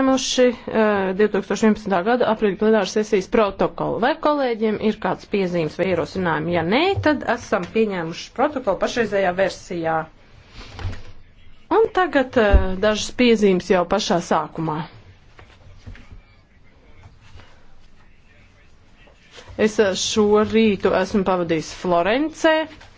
pieņēmuši 2011. Eh, gada aprīļa plenāras sesijas protokolu. Vai kolēģiem ir kāds piezīmes vai ierosinājumi? Ja nē, tad esam pieņēmuši protokolu pašreizējā versijā. Un tagad eh, dažas piezīmes jau pašā sākumā. Es eh, šo rītu esmu pavadījis Florencē.